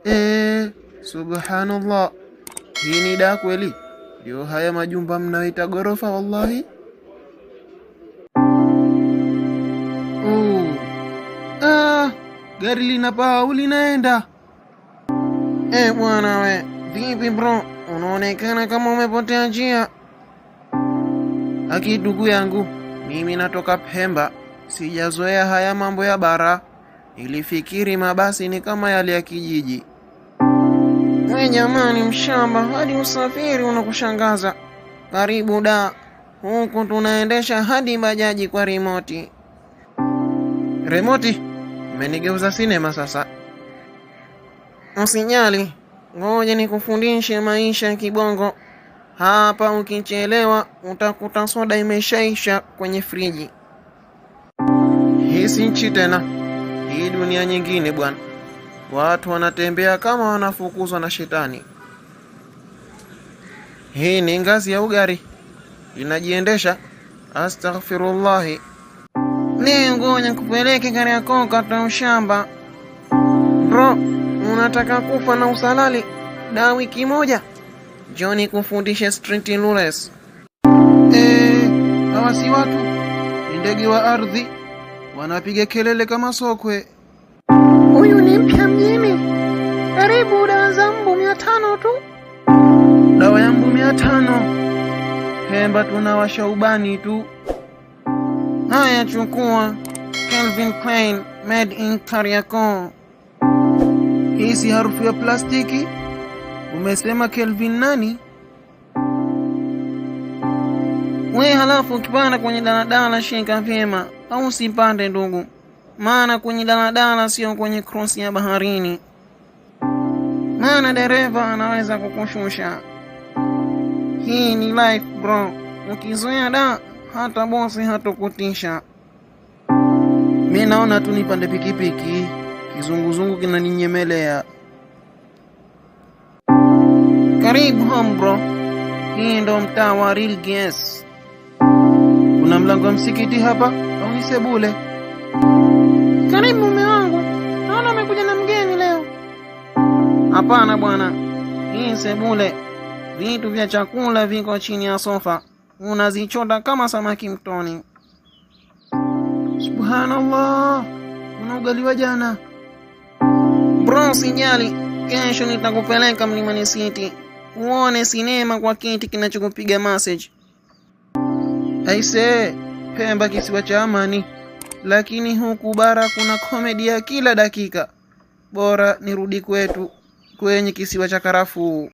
Eh, subhanallah, hii ni daa kweli? Ndio haya majumba mnaoita ghorofa? Wallahi oh. Ah, gari lina paa au linaenda? E bwana we, vipi bro, unaonekana kama umepotea njia. Aki ndugu yangu, mimi natoka Pemba, sijazoea haya mambo ya bara, nilifikiri mabasi ni kama yale ya kijiji. We jamani, mshamba hadi usafiri unakushangaza. Karibu da, huku tunaendesha hadi bajaji kwa remoti Remoti menigeuza sinema sasa. Usijali, ngoja nikufundishe maisha ya kibongo hapa. Ukichelewa utakuta soda imeshaisha kwenye friji. Hii si nchi tena, hii dunia nyingine bwana watu wanatembea kama wanafukuzwa na shetani. Hii ni ngazi ya ugari inajiendesha. Astaghfirullahi. Leo ngoja kupeleke gari yako kata ushamba. Bro, unataka kufa na usalali na wiki moja? Joni kufundishe street rules. Eh, hawasi watu ni ndege wa ardhi wanapiga kelele kama sokwe. Huyu ni mpya mjini, karibu dawa zangu mia tano tu. Dawa yangu mia tano Hemba tunawasha ubani tu. Haya, chukua Calvin Klein made in Kariakoo. Hii si harufu ya plastiki? Umesema Kelvin nani? We halafu ukipanda kwenye daladala shika vyema, au usipande ndugu maana kwenye daladala sio kwenye krosi ya baharini, maana dereva anaweza kukushusha. Hii ni life bro, ukizoea da hata bosi hatokutisha. Mi naona tu nipande pikipiki, kizunguzungu kinaninyemelea. Karibu home bro, hii ndo mtaa wa Real Gas. Kuna mlango wa msikiti hapa au ni sebule? Hapana bwana, hii sebule, vitu vya chakula viko chini ya sofa, unazichota kama samaki mtoni. Subhanallah, unaugaliwa jana bro. Sijali, kesho nitakupeleka Mlimani City uone sinema kwa kiti kinachokupiga message. Aisee, Pemba kisiwa cha amani, lakini huku bara kuna komedi ya kila dakika. Bora nirudi kwetu kwenye kisiwa cha karafuu